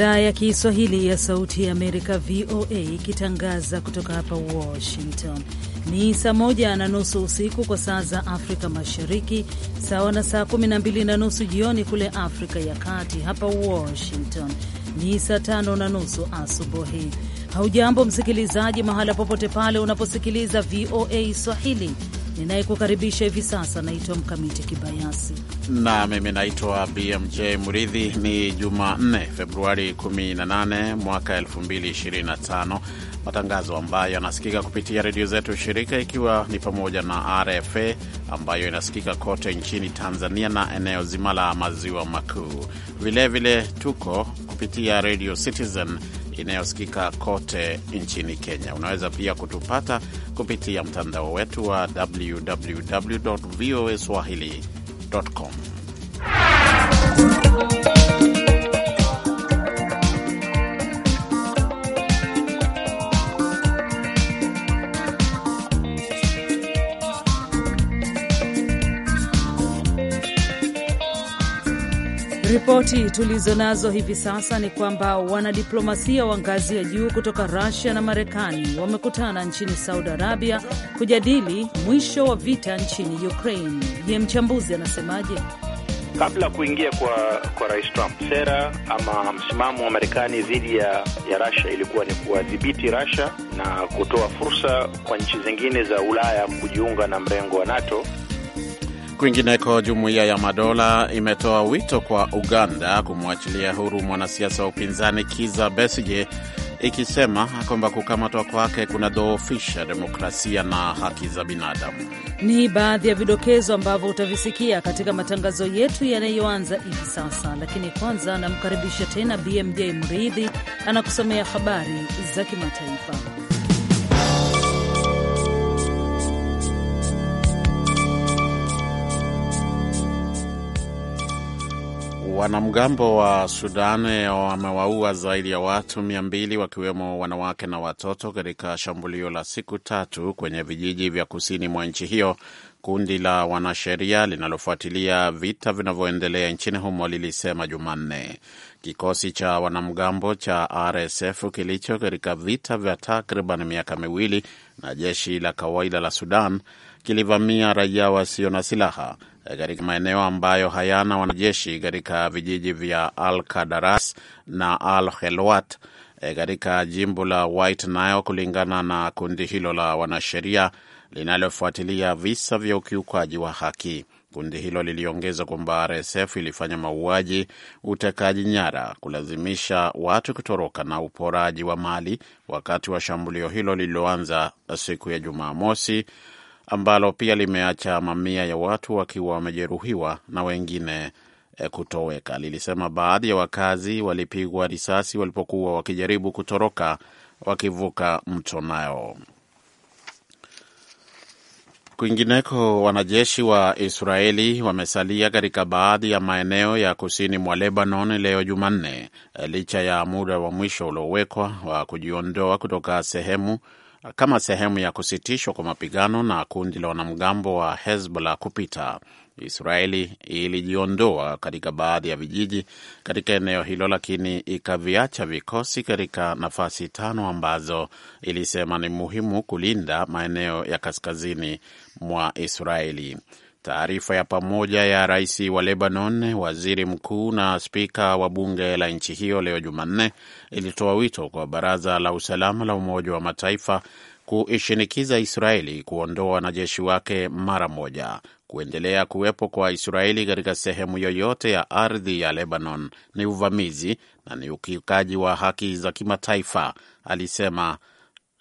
idhaa ya Kiswahili ya Sauti ya Amerika, VOA, ikitangaza kutoka hapa Washington. Ni saa moja na nusu usiku kwa saa za Afrika Mashariki, sawa na saa kumi na mbili na nusu jioni kule Afrika ya Kati. Hapa Washington ni saa tano na nusu asubuhi. Haujambo msikilizaji, mahala popote pale unaposikiliza VOA Swahili. Ninayekukaribisha hivi sasa naitwa Mkamiti Kibayasi na mimi naitwa BMJ Muridhi. Ni Jumanne, Februari 18 mwaka 2025, matangazo ambayo yanasikika kupitia redio zetu shirika, ikiwa ni pamoja na RFA ambayo inasikika kote nchini Tanzania na eneo zima la maziwa makuu. Vilevile tuko kupitia redio Citizen inayosikika kote nchini Kenya. Unaweza pia kutupata kupitia mtandao wetu wa www voa swahili com Ripoti tulizo nazo hivi sasa ni kwamba wanadiplomasia wa ngazi ya juu kutoka Rusia na Marekani wamekutana nchini Saudi Arabia kujadili mwisho wa vita nchini Ukraine. Je, mchambuzi anasemaje? Kabla kuingia kwa kwa Rais Trump, sera ama msimamo wa Marekani dhidi ya ya Russia ilikuwa ni kuwadhibiti Russia na kutoa fursa kwa nchi zingine za Ulaya kujiunga na mrengo wa NATO. Kwingineko, jumuiya ya Madola imetoa wito kwa Uganda kumwachilia huru mwanasiasa wa upinzani Kiza Besige, ikisema kwamba kukamatwa kwake kunadhoofisha demokrasia na haki za binadamu. Ni baadhi ya vidokezo ambavyo utavisikia katika matangazo yetu yanayoanza hivi sasa, lakini kwanza anamkaribisha tena BMJ Mridhi anakusomea habari za kimataifa. Wanamgambo wa Sudan wamewaua zaidi ya watu mia mbili wakiwemo wanawake na watoto katika shambulio la siku tatu kwenye vijiji vya kusini mwa nchi hiyo. Kundi la wanasheria linalofuatilia vita vinavyoendelea nchini humo lilisema Jumanne kikosi cha wanamgambo cha RSF kilicho katika vita vya takriban miaka miwili na jeshi la kawaida la Sudan kilivamia raia wasio na silaha e, katika maeneo ambayo hayana wanajeshi katika vijiji vya Al Kadaras na Al Helwat e, katika jimbo la White Nile, kulingana na kundi hilo la wanasheria linalofuatilia visa vya ukiukaji wa haki. Kundi hilo liliongeza kwamba RSF ilifanya mauaji, utekaji nyara, kulazimisha watu kutoroka na uporaji wa mali wakati wa shambulio hilo lililoanza siku ya Jumamosi ambalo pia limeacha mamia ya watu wakiwa wamejeruhiwa na wengine eh, kutoweka. Lilisema baadhi ya wakazi walipigwa risasi walipokuwa wakijaribu kutoroka wakivuka mto Nile. Kwingineko, wanajeshi wa Israeli wamesalia katika baadhi ya maeneo ya kusini mwa Lebanon leo Jumanne, eh, licha ya muda wa mwisho uliowekwa wa kujiondoa kutoka sehemu kama sehemu ya kusitishwa kwa mapigano na kundi la wanamgambo wa Hezbollah kupita. Israeli ilijiondoa katika baadhi ya vijiji katika eneo hilo, lakini ikaviacha vikosi katika nafasi tano ambazo ilisema ni muhimu kulinda maeneo ya kaskazini mwa Israeli. Taarifa ya pamoja ya rais wa Lebanon, waziri mkuu na spika wa bunge la nchi hiyo leo Jumanne ilitoa wito kwa baraza la usalama la Umoja wa Mataifa kuishinikiza Israeli kuondoa wanajeshi wake mara moja. Kuendelea kuwepo kwa Israeli katika sehemu yoyote ya ardhi ya Lebanon ni uvamizi na ni ukiukaji wa haki za kimataifa, alisema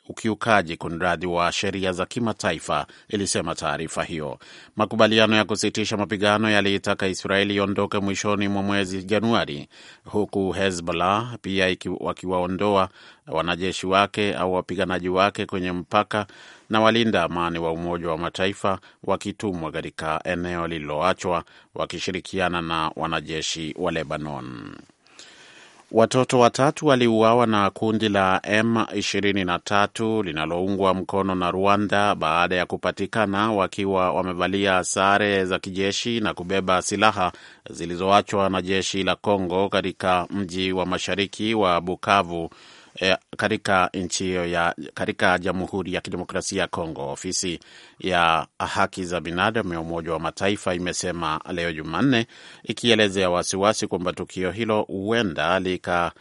ukiukaji kunradhi wa sheria za kimataifa, ilisema taarifa hiyo. Makubaliano ya kusitisha mapigano yaliitaka Israeli iondoke mwishoni mwa mwezi Januari, huku Hezbollah pia wakiwaondoa wanajeshi wake au wapiganaji wake kwenye mpaka na walinda amani wa Umoja wa Mataifa wakitumwa katika eneo lililoachwa wakishirikiana na wanajeshi wa Lebanon. Watoto watatu waliuawa na kundi la M23 linaloungwa mkono na Rwanda baada ya kupatikana wakiwa wamevalia sare za kijeshi na kubeba silaha zilizoachwa na jeshi la congo katika mji wa mashariki wa Bukavu Eh, katika nchi hiyo ya katika Jamhuri ya Kidemokrasia ya Kongo. Ofisi ya haki za binadamu ya Umoja wa Mataifa imesema leo Jumanne, ikielezea wasiwasi kwamba tukio hilo huenda lika,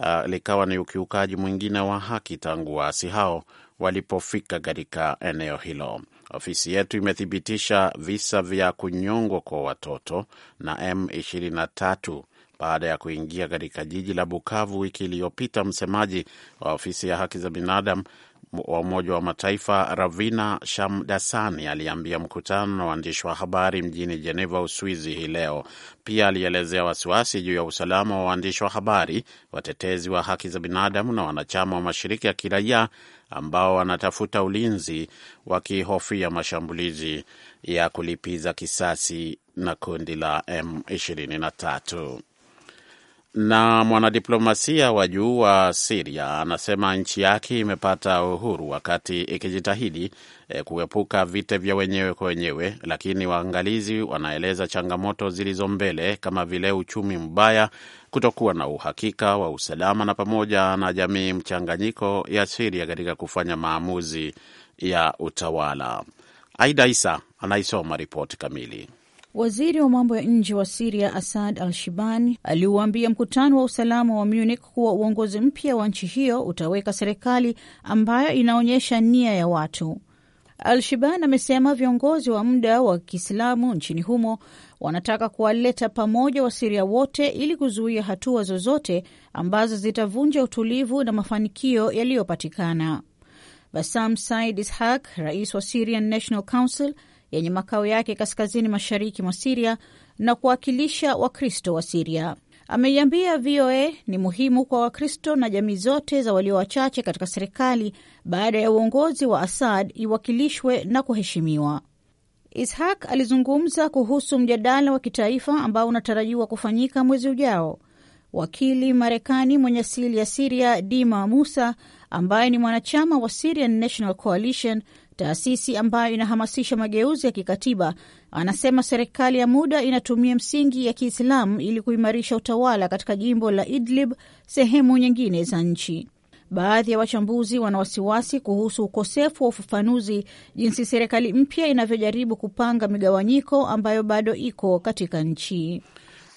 uh, likawa ni ukiukaji mwingine wa haki tangu waasi hao walipofika katika eneo hilo. Ofisi yetu imethibitisha visa vya kunyongwa kwa watoto na M23 baada ya kuingia katika jiji la Bukavu wiki iliyopita. Msemaji wa ofisi ya haki za binadamu wa Umoja wa Mataifa Ravina Shamdasani aliambia mkutano na waandishi wa habari mjini Jeneva, Uswizi hii leo. Pia alielezea wasiwasi juu ya usalama wa waandishi wa habari, watetezi wa haki za binadamu na wanachama wa mashirika ya kiraia ambao wanatafuta ulinzi wakihofia mashambulizi ya kulipiza kisasi na kundi la M23. Na mwanadiplomasia wa juu wa Siria anasema nchi yake imepata uhuru wakati ikijitahidi e, kuepuka vita vya wenyewe kwa wenyewe, lakini waangalizi wanaeleza changamoto zilizo mbele kama vile uchumi mbaya, kutokuwa na uhakika wa usalama, na pamoja na jamii mchanganyiko ya Siria katika kufanya maamuzi ya utawala. Aida Isa anaisoma ripoti kamili. Waziri wa mambo ya nje wa Siria Asad al Shibani aliuambia mkutano wa usalama wa Munich kuwa uongozi mpya wa nchi hiyo utaweka serikali ambayo inaonyesha nia ya watu. Al Shiban amesema viongozi wa muda wa Kiislamu nchini humo wanataka kuwaleta pamoja Wasiria wote ili kuzuia hatua zozote ambazo zitavunja utulivu na mafanikio yaliyopatikana. Basam Said ishak rais wa Syrian National Council yenye makao yake kaskazini mashariki mwa Siria na kuwakilisha Wakristo wa Siria. Ameiambia VOA ni muhimu kwa Wakristo na jamii zote za walio wachache katika serikali baada ya uongozi wa Asad iwakilishwe na kuheshimiwa. Ishak alizungumza kuhusu mjadala wa kitaifa ambao unatarajiwa kufanyika mwezi ujao. Wakili Marekani mwenye asili ya Siria Dima Musa ambaye ni mwanachama wa Syrian National Coalition taasisi ambayo inahamasisha mageuzi ya kikatiba, anasema serikali ya muda inatumia msingi ya Kiislamu ili kuimarisha utawala katika jimbo la Idlib, sehemu nyingine za nchi. Baadhi ya wachambuzi wana wasiwasi kuhusu ukosefu wa ufafanuzi jinsi serikali mpya inavyojaribu kupanga migawanyiko ambayo bado iko katika nchi.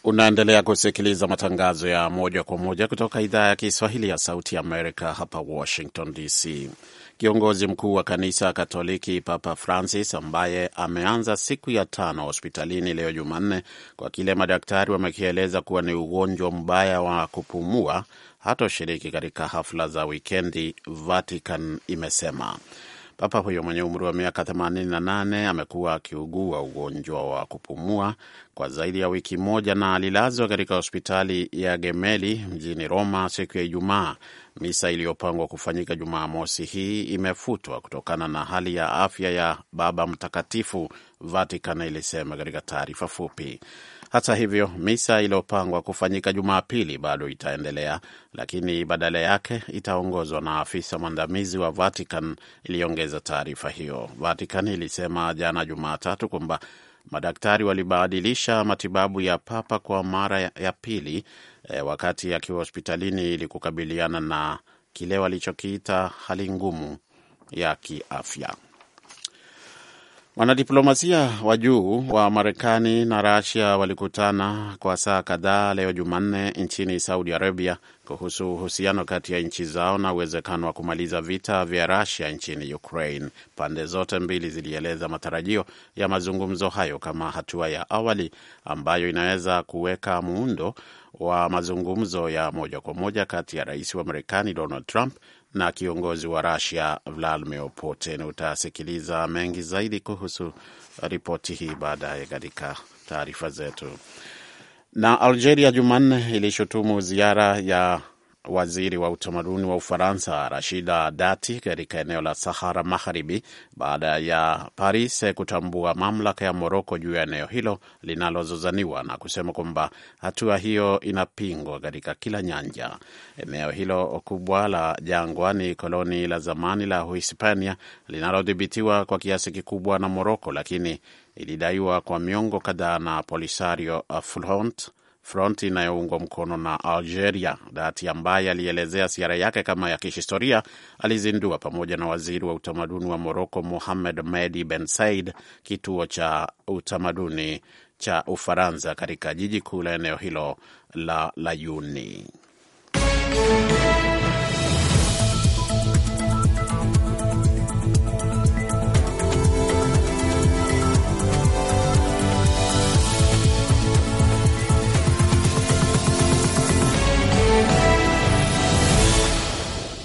Unaendelea kusikiliza matangazo ya moja kwa moja kutoka idhaa ya Kiswahili ya Sauti ya Amerika hapa Washington DC. Kiongozi mkuu wa kanisa Katoliki Papa Francis, ambaye ameanza siku ya tano hospitalini leo Jumanne kwa kile madaktari wamekieleza kuwa ni ugonjwa mbaya wa kupumua, hatoshiriki katika hafla za wikendi, Vatican imesema. Papa huyo mwenye umri wa miaka 88 amekuwa akiugua ugonjwa wa kupumua kwa zaidi ya wiki moja na alilazwa katika hospitali ya Gemelli mjini Roma siku ya Ijumaa. Misa iliyopangwa kufanyika Jumamosi hii imefutwa kutokana na hali ya afya ya Baba Mtakatifu, Vatican ilisema katika taarifa fupi. Hata hivyo, misa iliyopangwa kufanyika Jumapili bado itaendelea, lakini badala yake itaongozwa na afisa mwandamizi wa Vatican, iliongeza taarifa hiyo. Vatican ilisema jana Jumatatu kwamba madaktari walibadilisha matibabu ya papa kwa mara ya pili e, wakati akiwa hospitalini ili kukabiliana na kile walichokiita hali ngumu ya kiafya. Wanadiplomasia wa juu wa Marekani na rasia walikutana kwa saa kadhaa leo Jumanne nchini Saudi Arabia kuhusu uhusiano kati ya nchi zao na uwezekano wa kumaliza vita vya rasia nchini Ukraine. Pande zote mbili zilieleza matarajio ya mazungumzo hayo kama hatua ya awali ambayo inaweza kuweka muundo wa mazungumzo ya moja kwa moja kati ya rais wa Marekani Donald Trump na kiongozi wa Rusia Vladimir Putin. Utasikiliza mengi zaidi kuhusu ripoti hii baadaye katika taarifa zetu. Na Algeria Jumanne ilishutumu ziara ya waziri wa utamaduni wa Ufaransa Rashida Dati katika eneo la Sahara Magharibi baada ya Paris kutambua mamlaka ya Moroko juu ya eneo hilo linalozozaniwa na kusema kwamba hatua hiyo inapingwa katika kila nyanja. Eneo hilo kubwa la jangwa ni koloni la zamani la Uhispania linalodhibitiwa kwa kiasi kikubwa na Moroko, lakini ilidaiwa kwa miongo kadhaa na Polisario Front Front inayoungwa mkono na Algeria. Dati ambaye alielezea ziara yake kama ya kihistoria alizindua pamoja na waziri wa utamaduni wa Moroko Mohamed Mehdi Ben Said kituo cha utamaduni cha Ufaransa katika jiji kuu la eneo hilo la Layuni.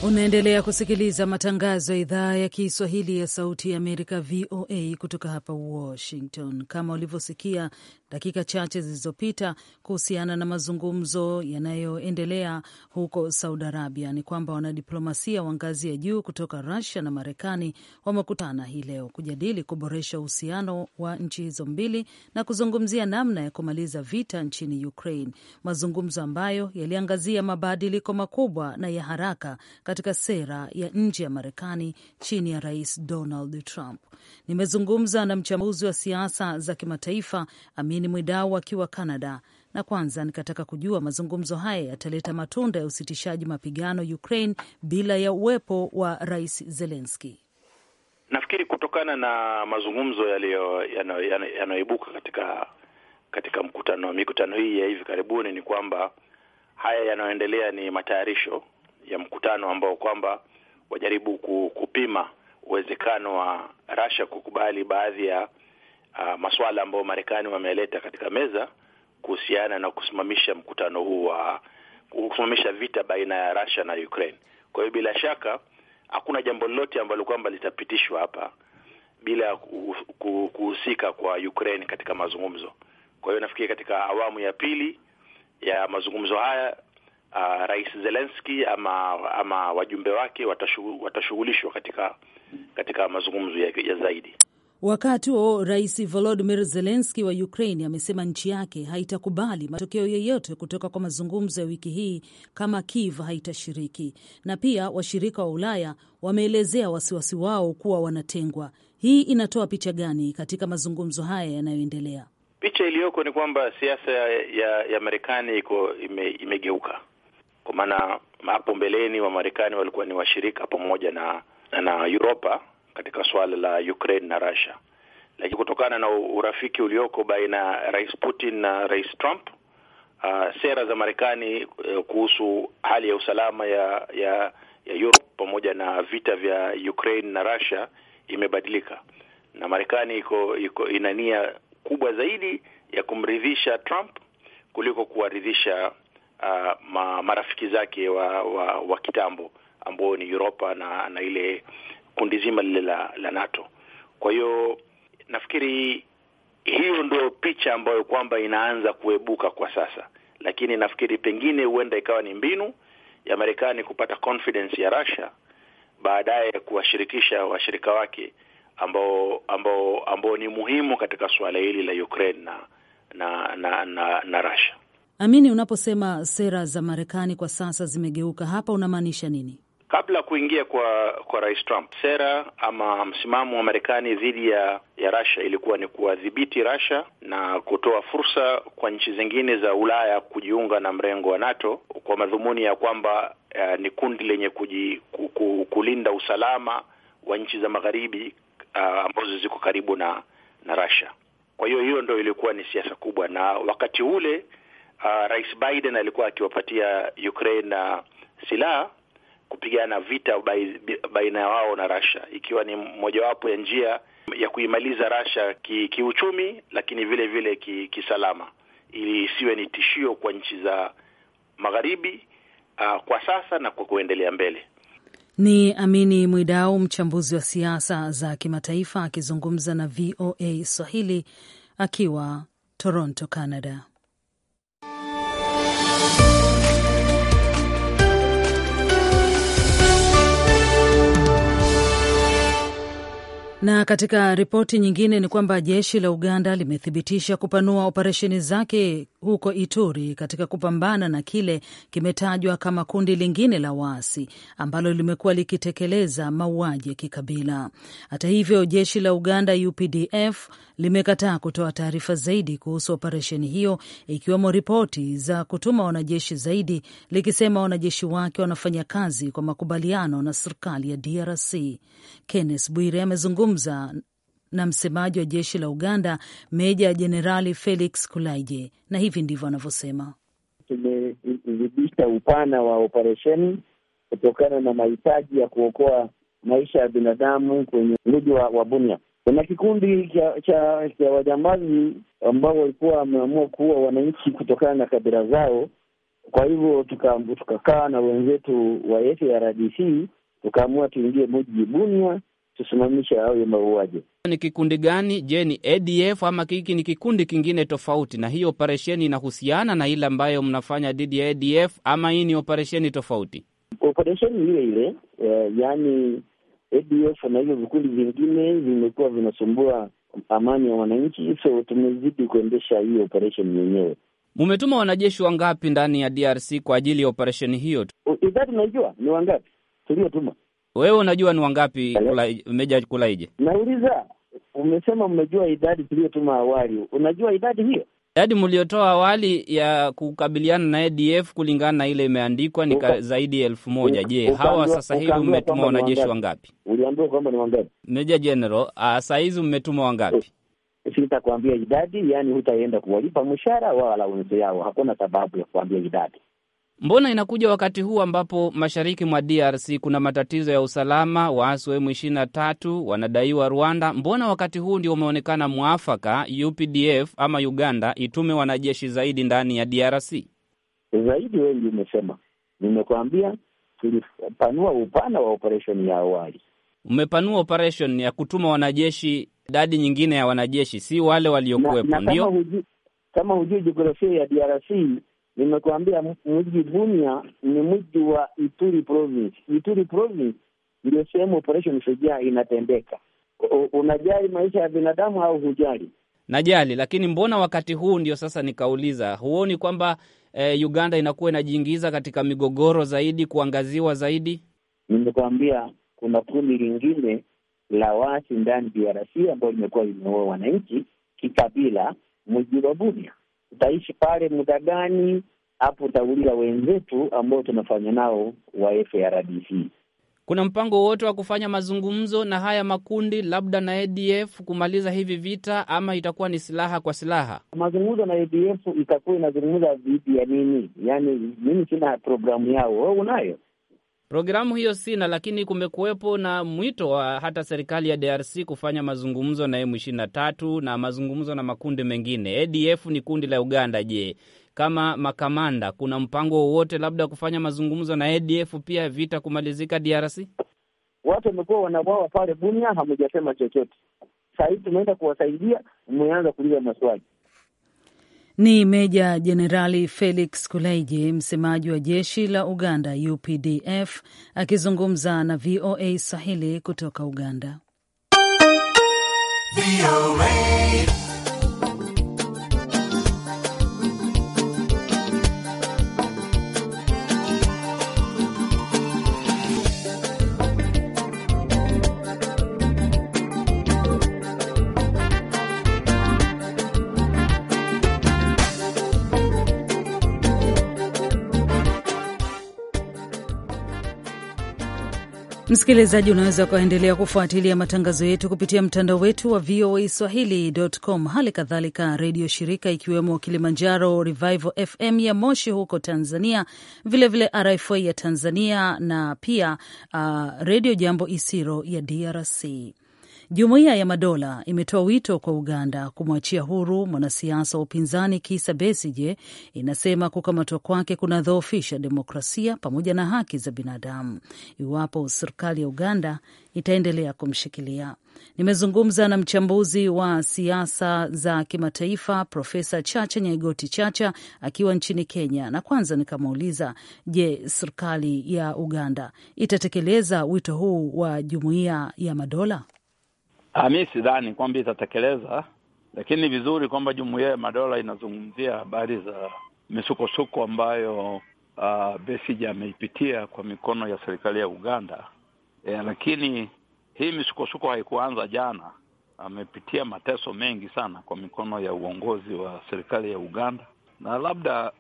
Unaendelea kusikiliza matangazo ya idhaa ya Kiswahili ya Sauti ya Amerika, VOA, kutoka hapa Washington. Kama ulivyosikia dakika chache zilizopita kuhusiana na mazungumzo yanayoendelea huko Saudi Arabia, ni kwamba wanadiplomasia wa ngazi ya juu kutoka Rusia na Marekani wamekutana hii leo kujadili kuboresha uhusiano wa nchi hizo mbili na kuzungumzia namna ya kumaliza vita nchini Ukraine, mazungumzo ambayo yaliangazia mabadiliko makubwa na ya haraka katika sera ya nje ya Marekani chini ya Rais Donald Trump. Nimezungumza na mchambuzi wa siasa za kimataifa Amini Mwidau akiwa Canada, na kwanza nikataka kujua mazungumzo haya yataleta matunda ya usitishaji mapigano Ukraine bila ya uwepo wa Rais Zelensky. Nafikiri kutokana na mazungumzo yanayoibuka katika katika mkutano mikutano hii ya hivi karibuni ni kwamba haya yanayoendelea ni matayarisho ya mkutano ambao kwamba wajaribu kupima uwezekano wa Russia kukubali baadhi ya uh, ah, masuala ambayo Marekani wameleta katika meza kuhusiana na kusimamisha mkutano huu wa uh, kusimamisha vita baina ya Russia na Ukraine. Kwa hiyo bila shaka hakuna jambo lolote ambalo kwamba litapitishwa hapa bila kuhusika kwa Ukraine katika mazungumzo. Kwa hiyo nafikiri katika awamu ya pili ya mazungumzo haya uh, Rais zelenski ama ama wajumbe wake watashughulishwa katika katika mazungumzo ya, ya zaidi. Wakati huo Rais volodimir zelenski wa Ukraine amesema nchi yake haitakubali matokeo yeyote kutoka kwa mazungumzo ya wiki hii kama Kiev haitashiriki, na pia washirika wa Ulaya wameelezea wasiwasi wao kuwa wanatengwa. Hii inatoa picha gani katika mazungumzo haya yanayoendelea? Picha iliyoko ni kwamba siasa ya, ya, ya Marekani iko imegeuka ime kwa maana hapo mbeleni Wamarekani walikuwa ni washirika pamoja na na Europa katika suala la Ukraine na Russia, lakini kutokana na urafiki ulioko baina ya Rais Putin na Rais Trump uh, sera za Marekani uh, kuhusu hali ya usalama ya ya ya Europe pamoja na vita vya Ukraine na Russia imebadilika, na Marekani iko iko ina nia kubwa zaidi ya kumridhisha Trump kuliko kuwaridhisha uh, ma, marafiki zake wa, wa, wa kitambo ambao ni uropa na, na ile kundi zima lile la, la NATO. Kwa hiyo nafikiri hiyo ndio picha ambayo kwamba inaanza kuebuka kwa sasa, lakini nafikiri pengine huenda ikawa ni mbinu ya Marekani kupata confidence ya Russia, baadaye kuwashirikisha washirika wake ambao ambao ambao ni muhimu katika suala hili la Ukraine na na na, na, na Russia. Amini, unaposema sera za Marekani kwa sasa zimegeuka, hapa unamaanisha nini? Kabla kuingia kwa kwa Rais Trump, sera ama msimamo wa Marekani dhidi ya ya Russia ilikuwa ni kuwadhibiti Russia na kutoa fursa kwa nchi zingine za Ulaya kujiunga na mrengo wa NATO kwa madhumuni ya kwamba uh, ni kundi lenye kuji, ku, ku, kulinda usalama wa nchi za magharibi eh, ambazo ziko karibu na na Russia. Kwa hiyo hiyo ndio ilikuwa ni siasa kubwa, na wakati ule uh, Rais Biden alikuwa akiwapatia Ukraine na silaha kupigana vita baina ya wao na Russia, ikiwa ni mojawapo ya njia ya kuimaliza Russia ki, kiuchumi lakini vile vile ki, kisalama ili isiwe ni tishio kwa nchi za magharibi uh, kwa sasa na kwa kuendelea mbele. Ni Amini Mwidau, mchambuzi wa siasa za kimataifa akizungumza na VOA Swahili akiwa Toronto, Canada. Na katika ripoti nyingine ni kwamba jeshi la Uganda limethibitisha kupanua operesheni zake huko Ituri katika kupambana na kile kimetajwa kama kundi lingine la waasi ambalo limekuwa likitekeleza mauaji ya kikabila. Hata hivyo, jeshi la Uganda UPDF limekataa kutoa taarifa zaidi kuhusu operesheni hiyo, ikiwemo ripoti za kutuma wanajeshi zaidi, likisema wanajeshi wake wanafanya kazi kwa makubaliano na serikali ya DRC. Kenneth Bwire amezungumza na msemaji wa jeshi la Uganda Meja Jenerali Felix Kulaije, na hivi ndivyo anavyosema: tumezidisha upana wa operesheni kutokana na mahitaji ya kuokoa maisha ya binadamu kwenye mji wa, wa Bunia. Kuna kikundi cha, cha, cha wajambazi ambao walikuwa wameamua kuua wananchi kutokana na kabila zao. Kwa hivyo tukakaa tuka na wenzetu wa FARDC tukaamua tuingie mji Bunia tusimamishe hayo ya mauaji. Ni kikundi gani? Je, ni ADF ama hiki ni kikundi kingine tofauti? Na hii operesheni inahusiana na ile ambayo mnafanya dhidi ya ADF ama hii ni operesheni tofauti? Operesheni ile ile, eh, yaani ADF na hivyo vikundi vingine vimekuwa vinasumbua amani ya wananchi, so tumezidi kuendesha hiyo operesheni yenyewe. Mumetuma wanajeshi wangapi ndani ya DRC kwa ajili ya operesheni hiyo? Idadi unaijua ni wangapi tuliotuma? Wewe unajua ni wangapi meja Kulaije? Nauliza, umesema mmejua idadi tuliyotuma awali, unajua idadi hiyo? Idadi mliotoa awali ya kukabiliana na ADF kulingana na ile imeandikwa ni zaidi ya elfu moja. Je, hawa sasa hivi mmetuma wanajeshi wangapi? Uliambiwa kwamba ni wangapi, Meja General? Sasa hizi mmetuma wangapi? Oh, sitakuambia idadi, yani hutaenda kuwalipa mshahara wala unzo yao, hakuna sababu ya kuambia idadi. Mbona inakuja wakati huu ambapo mashariki mwa DRC kuna matatizo ya usalama, waasi wa M23 wanadaiwa Rwanda? Mbona wakati huu ndio umeonekana mwafaka UPDF ama Uganda itume wanajeshi zaidi ndani ya DRC? Zaidi wengi umesema, nimekuambia tulipanua upana wa operation ya awali. Umepanua operation ya kutuma wanajeshi, idadi nyingine ya wanajeshi, si wale waliokuwepo. Ndio kama hujui jiografia ya DRC Nimekuambia mji Bunia ni mji wa Ituri province. Ituri province ndio sehemu operation Shujaa inatendeka. Unajali maisha ya binadamu au hujali? Najali, lakini mbona wakati huu ndio sasa nikauliza, huoni kwamba eh, Uganda inakuwa inajiingiza katika migogoro zaidi, kuangaziwa zaidi? Nimekuambia kuna kundi lingine la wasi ndani DRC ambayo limekuwa limeua wananchi kikabila mji wa Bunia utaishi pale muda gani? Hapo utauliza wenzetu ambao tunafanya nao wa FARDC. Kuna mpango wowote wa kufanya mazungumzo na haya makundi labda na ADF kumaliza hivi vita, ama itakuwa ni silaha kwa silaha? Mazungumzo na ADF itakuwa inazungumza dhidi ya nini? Yani mimi sina programu yao, wewe unayo? Programu hiyo sina, lakini kumekuwepo na mwito wa hata serikali ya DRC kufanya mazungumzo na M23 na mazungumzo na makundi mengine. ADF ni kundi la Uganda. Je, kama makamanda, kuna mpango wowote labda kufanya mazungumzo na ADF pia vita kumalizika DRC? Watu wamekuwa wanawawa pale Bunia, hamujasema chochote. sahizi tumeenda kuwasaidia, mmeanza kuuliza maswali. Ni Meja Jenerali Felix Kuleije, msemaji wa jeshi la Uganda UPDF, akizungumza na VOA Swahili kutoka Uganda. Msikilizaji, unaweza ukaendelea kufuatilia matangazo yetu kupitia mtandao wetu wa VOA Swahili.com, hali kadhalika redio shirika ikiwemo Kilimanjaro Revival FM ya Moshi huko Tanzania, vilevile vile RFA ya Tanzania na pia uh, redio Jambo Isiro ya DRC. Jumuiya ya Madola imetoa wito kwa Uganda kumwachia huru mwanasiasa wa upinzani kisa besije Inasema kukamatwa kwake kunadhoofisha demokrasia pamoja na haki za binadamu iwapo serikali ya Uganda itaendelea kumshikilia. Nimezungumza na mchambuzi wa siasa za kimataifa Profesa Chacha Nyaigoti Chacha akiwa nchini Kenya, na kwanza nikamuuliza, je, serikali ya Uganda itatekeleza wito huu wa jumuiya ya Madola? Ah, Mi sidhani kwamba itatekeleza, lakini ni vizuri kwamba jumuiya ya madola inazungumzia habari za misukosuko ambayo uh, Besigye ameipitia kwa mikono ya serikali ya Uganda. E, lakini hii misukosuko haikuanza jana. Amepitia mateso mengi sana kwa mikono ya uongozi wa serikali ya Uganda, na labda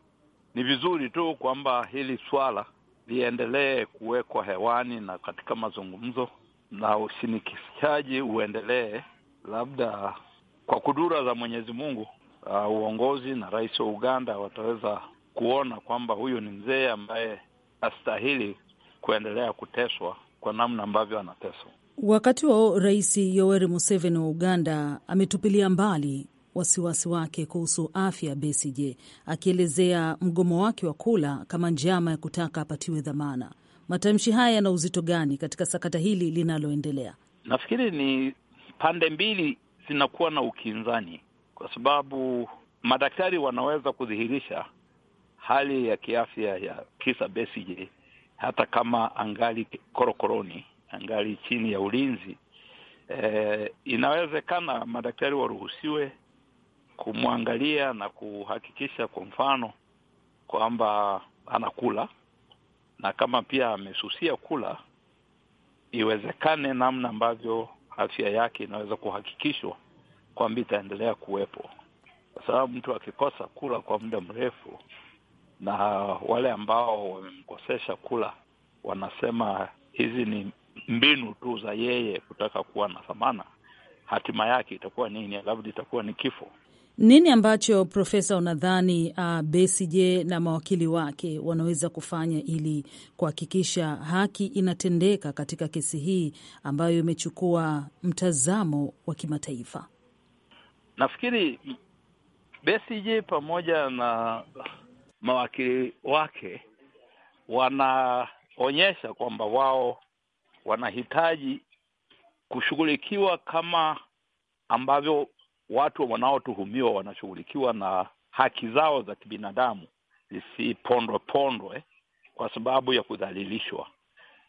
ni vizuri tu kwamba hili swala liendelee kuwekwa hewani na katika mazungumzo na ushinikishaji uendelee, labda kwa kudura za Mwenyezi Mungu, uh, uongozi na rais wa Uganda wataweza kuona kwamba huyu ni mzee ambaye astahili kuendelea kuteswa kwa namna ambavyo anateswa. Wakati wa Rais Yoweri Museveni wa Uganda ametupilia mbali wasiwasi wake kuhusu afya ya Besigye akielezea mgomo wake wa kula kama njama ya kutaka apatiwe dhamana. Matamshi haya yana uzito gani katika sakata hili linaloendelea? Nafikiri ni pande mbili zinakuwa na ukinzani, kwa sababu madaktari wanaweza kudhihirisha hali ya kiafya ya Kizza Besigye hata kama angali korokoroni, angali chini ya ulinzi E, inawezekana madaktari waruhusiwe kumwangalia na kuhakikisha kwa mfano kwamba anakula na kama pia amesusia kula, iwezekane namna ambavyo afya yake inaweza kuhakikishwa kwamba itaendelea kuwepo, kwa sababu mtu akikosa kula kwa muda mrefu, na wale ambao wamemkosesha kula wanasema hizi ni mbinu tu za yeye kutaka kuwa na thamana. Hatima yake itakuwa nini? Labda itakuwa ni kifo. Nini ambacho profesa unadhani uh, Besigye na mawakili wake wanaweza kufanya ili kuhakikisha haki inatendeka katika kesi hii ambayo imechukua mtazamo wa kimataifa? Nafikiri Besigye pamoja na mawakili wake wanaonyesha kwamba wao wanahitaji kushughulikiwa kama ambavyo watu wanaotuhumiwa wanashughulikiwa na haki zao za kibinadamu zisipondwe pondwe kwa sababu ya kudhalilishwa.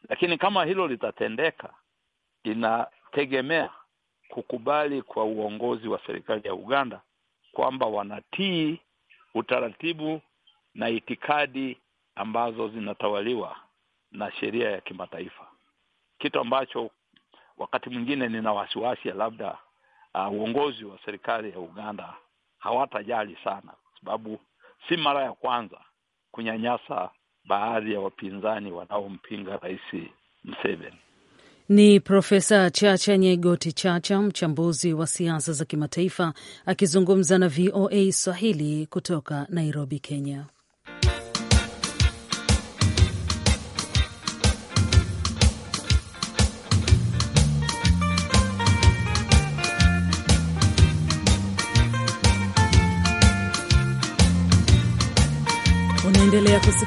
Lakini kama hilo litatendeka, inategemea kukubali kwa uongozi wa serikali ya Uganda kwamba wanatii utaratibu na itikadi ambazo zinatawaliwa na sheria ya kimataifa, kitu ambacho wakati mwingine nina wasiwasi labda uh, uongozi wa serikali ya Uganda hawatajali sana, kwa sababu si mara ya kwanza kunyanyasa baadhi ya wapinzani wanaompinga Rais Museveni. Ni Profesa Chacha Nyegoti Chacha, mchambuzi wa siasa za kimataifa, akizungumza na VOA Swahili kutoka Nairobi, Kenya.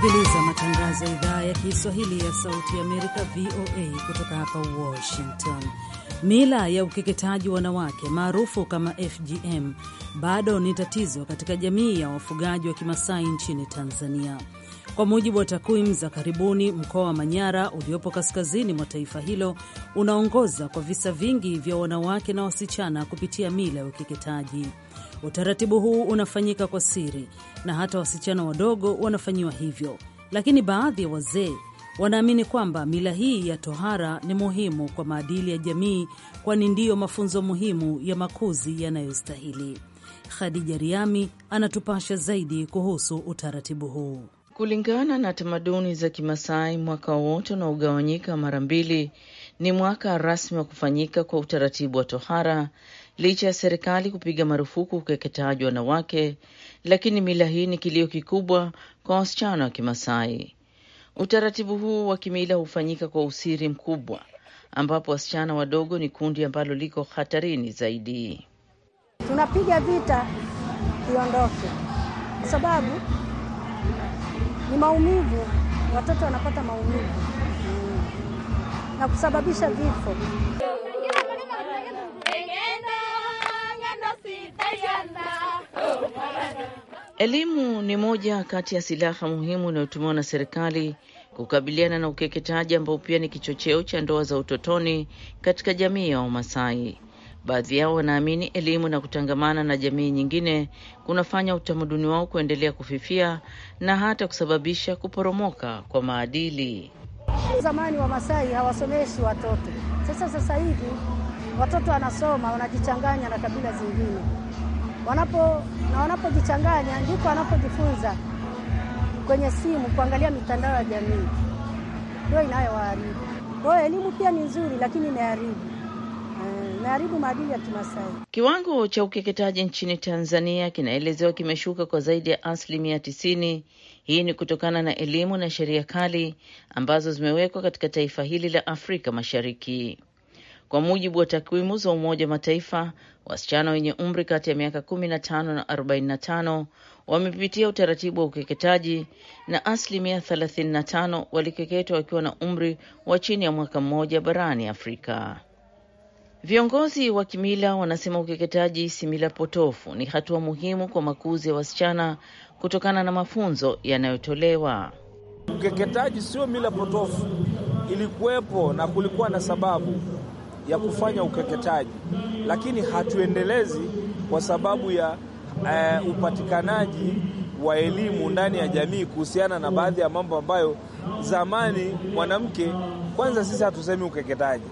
Unasikiliza matangazo ya idhaa ya Kiswahili ya Sauti ya Amerika, VOA, kutoka hapa Washington. Mila ya ukeketaji wanawake maarufu kama FGM bado ni tatizo katika jamii ya wafugaji wa Kimasai nchini Tanzania. Kwa mujibu wa takwimu za karibuni, mkoa wa Manyara uliopo kaskazini mwa taifa hilo unaongoza kwa visa vingi vya wanawake na wasichana kupitia mila ya ukeketaji. Utaratibu huu unafanyika kwa siri na hata wasichana wadogo wanafanyiwa hivyo, lakini baadhi ya wazee wanaamini kwamba mila hii ya tohara ni muhimu kwa maadili ya jamii, kwani ndiyo mafunzo muhimu ya makuzi yanayostahili. Khadija Riami anatupasha zaidi kuhusu utaratibu huu. Kulingana na tamaduni za Kimasai, mwaka wote unaogawanyika mara mbili ni mwaka rasmi wa kufanyika kwa utaratibu wa tohara licha ya serikali kupiga marufuku ukeketaji wa wanawake, lakini mila hii ni kilio kikubwa kwa wasichana wa Kimasai. Utaratibu huu wa kimila hufanyika kwa usiri mkubwa, ambapo wasichana wadogo ni kundi ambalo liko hatarini zaidi. Tunapiga vita iondoke, kwa sababu ni maumivu, watoto wanapata maumivu na kusababisha vifo. Elimu ni moja kati ya silaha muhimu inayotumiwa na serikali kukabiliana na ukeketaji ambao pia ni kichocheo cha ndoa za utotoni katika jamii ya Wamasai. Baadhi yao wanaamini elimu na kutangamana na jamii nyingine kunafanya utamaduni wao kuendelea kufifia na hata kusababisha kuporomoka kwa maadili. Zamani Wamasai hawasomeshi watoto. Sasa sasa hivi watoto wanasoma, wanajichanganya na kabila zingine wanapo na wanapojichanganya ndipo wanapojifunza kwenye simu kuangalia mitandao ya jamii, ndio inayowaharibu. Kwa hiyo elimu pia ni nzuri, lakini imeharibu eh, imeharibu maadili ya Kimasai. Kiwango cha ukeketaji nchini Tanzania kinaelezewa kimeshuka kwa zaidi ya asilimia tisini. Hii ni kutokana na elimu na sheria kali ambazo zimewekwa katika taifa hili la Afrika Mashariki. Kwa mujibu wa takwimu za Umoja wa Mataifa, wasichana wenye umri kati ya miaka 15 na 45 wamepitia utaratibu wa ukeketaji na asilimia 35 walikeketwa wakiwa na umri wa chini ya mwaka mmoja barani Afrika. Viongozi wa kimila wanasema ukeketaji si mila potofu, ni hatua muhimu kwa makuzi ya wasichana kutokana na mafunzo yanayotolewa. Ukeketaji sio mila potofu, ilikuwepo na kulikuwa na sababu ya kufanya ukeketaji, lakini hatuendelezi kwa sababu ya uh, upatikanaji wa elimu ndani ya jamii kuhusiana na baadhi ya mambo ambayo zamani mwanamke. Kwanza sisi hatusemi ukeketaji,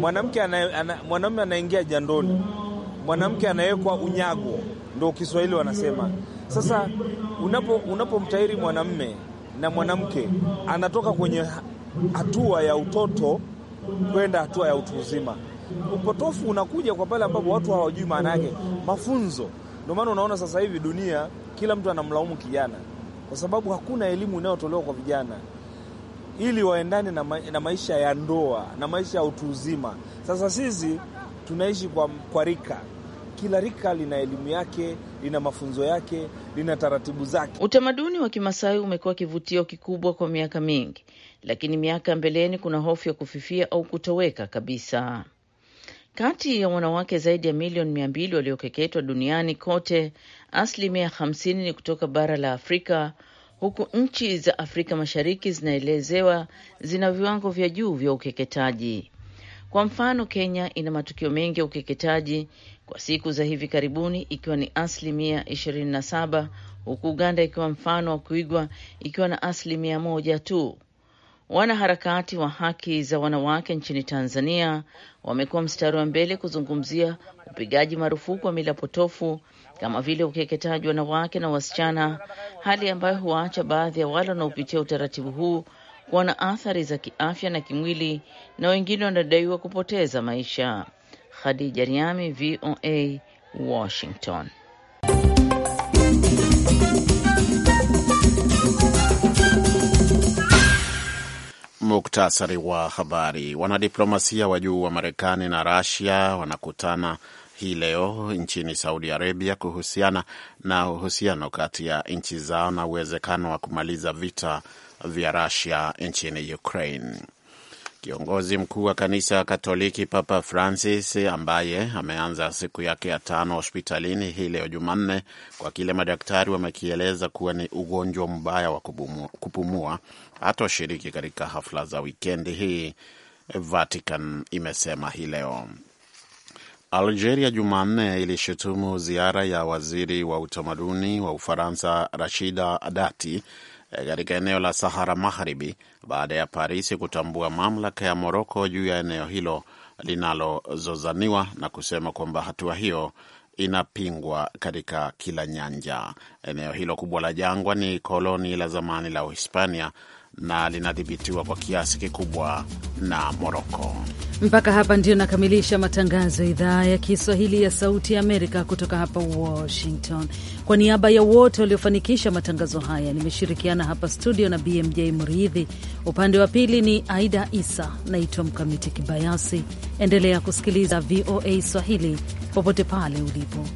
mwanamke mwanamume anaingia jandoni, mwanamke anawekwa unyago, ndo Kiswahili wanasema. Sasa unapomtahiri unapo na mwanamke, anatoka kwenye hatua ya utoto kwenda hatua ya utu uzima. Upotofu unakuja kwa pale ambapo watu hawajui maana yake, mafunzo. Ndio maana unaona sasa hivi dunia kila mtu anamlaumu kijana, kwa sababu hakuna elimu inayotolewa kwa vijana ili waendane na, ma na maisha ya ndoa na maisha ya utu uzima. Sasa sisi tunaishi kwa, kwa rika, kila rika lina elimu yake lina mafunzo yake, lina taratibu zake. Utamaduni wa Kimasai umekuwa kivutio kikubwa kwa miaka mingi, lakini miaka ya mbeleni kuna hofu ya kufifia au kutoweka kabisa. Kati ya wanawake zaidi ya milioni mia mbili waliokeketwa duniani kote, asilimia hamsini ni kutoka bara la Afrika, huku nchi za Afrika Mashariki zinaelezewa zina viwango vya juu vya ukeketaji. Kwa mfano, Kenya ina matukio mengi ya ukeketaji kwa siku za hivi karibuni ikiwa ni asilimia 27 huku Uganda ikiwa mfano wa kuigwa ikiwa na asilimia moja tu. Wanaharakati wa haki za wanawake nchini Tanzania wamekuwa mstari wa mbele kuzungumzia upigaji marufuku wa mila potofu kama vile ukeketaji wanawake na wasichana, hali ambayo huwaacha baadhi ya wale wanaopitia utaratibu huu kuwa na athari za kiafya na kimwili na wengine wanadaiwa kupoteza maisha. Khadija Riami, VOA, Washington. Muktasari wa habari. Wanadiplomasia wa juu wa Marekani na Rasia wanakutana hii leo nchini Saudi Arabia kuhusiana na uhusiano kati ya nchi zao na uwezekano wa kumaliza vita vya Rusia nchini Ukraine. Kiongozi mkuu wa kanisa Katoliki Papa Francis ambaye ameanza siku yake ya tano hospitalini hii leo Jumanne kwa kile madaktari wamekieleza kuwa ni ugonjwa mbaya wa kupumua, hatoshiriki katika hafla za wikendi hii, Vatican imesema hii leo. Algeria Jumanne ilishutumu ziara ya waziri wa utamaduni wa Ufaransa Rashida Adati eh, katika eneo la Sahara Magharibi baada ya Parisi kutambua mamlaka ya Moroko juu ya eneo hilo linalozozaniwa na kusema kwamba hatua hiyo inapingwa katika kila nyanja. Eneo hilo kubwa la jangwa ni koloni la zamani la Uhispania na linadhibitiwa kwa kiasi kikubwa na Moroko. Mpaka hapa ndio nakamilisha matangazo ya idhaa ya Kiswahili ya Sauti ya Amerika kutoka hapa Washington. Kwa niaba ya wote waliofanikisha matangazo haya, nimeshirikiana hapa studio na BMJ Mridhi, upande wa pili ni Aida Isa. Naitwa Mkamiti Kibayasi. Endelea kusikiliza VOA Swahili popote pale ulipo.